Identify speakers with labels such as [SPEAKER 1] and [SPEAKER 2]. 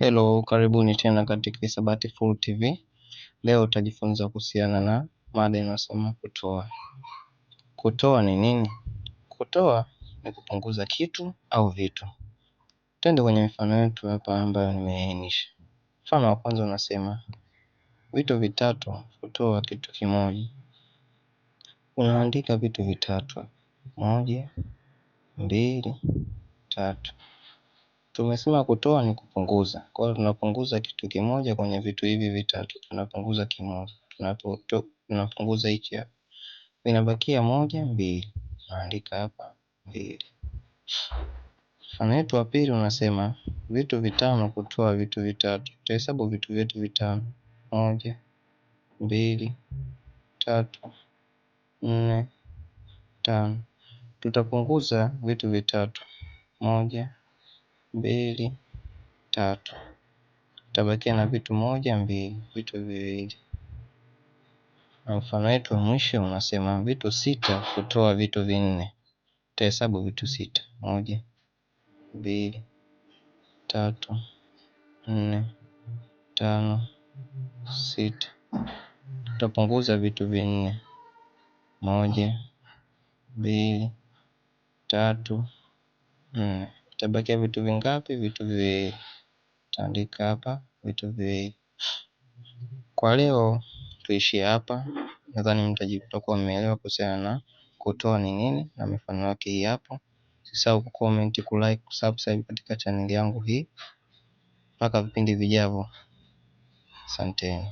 [SPEAKER 1] Hello, karibuni tena katika hisabati Full TV. Leo utajifunza kuhusiana na mada inayosema kutoa. Kutoa ni nini? Kutoa ni kupunguza kitu au vitu. Twende kwenye mifano yetu hapa ambayo nimeainisha. Mfano wa kwanza unasema vitu vitatu kutoa kitu kimoja. Unaandika vitu vitatu: moja, mbili, tatu. Tumesema kutoa ni kupunguza, kwa hiyo tunapunguza kitu kimoja kwenye vitu hivi vitatu, tunapunguza kimoja, tunapunguza hichi hapa, vinabakia moja mbili, naandika hapa mbili. Mfano wetu wa pili unasema vitu vitano kutoa vitu vitatu, tutahesabu vitu vyetu vitano: moja, mbili, tatu, nne, tano. Tutapunguza vitu vitatu: moja mbili, tatu. Tutabakia na vitu moja, mbili, vitu viwili. Na mfano wetu wa mwisho unasema vitu sita kutoa vitu vinne. Tutahesabu vitu sita: moja, mbili, tatu, nne, tano, sita. Tutapunguza vitu vinne: moja, mbili, tatu, nne. Itabakia vitu vingapi? Vitu viwili. hapa vitu viwili. Kwa leo tuishie hapa, nadhani kuwa mmeelewa kuhusiana na kutoa ni nini na mifano yake hii hapo. Usisahau like ku subscribe katika channel yangu hii. Mpaka vipindi vijavyo, asanteni.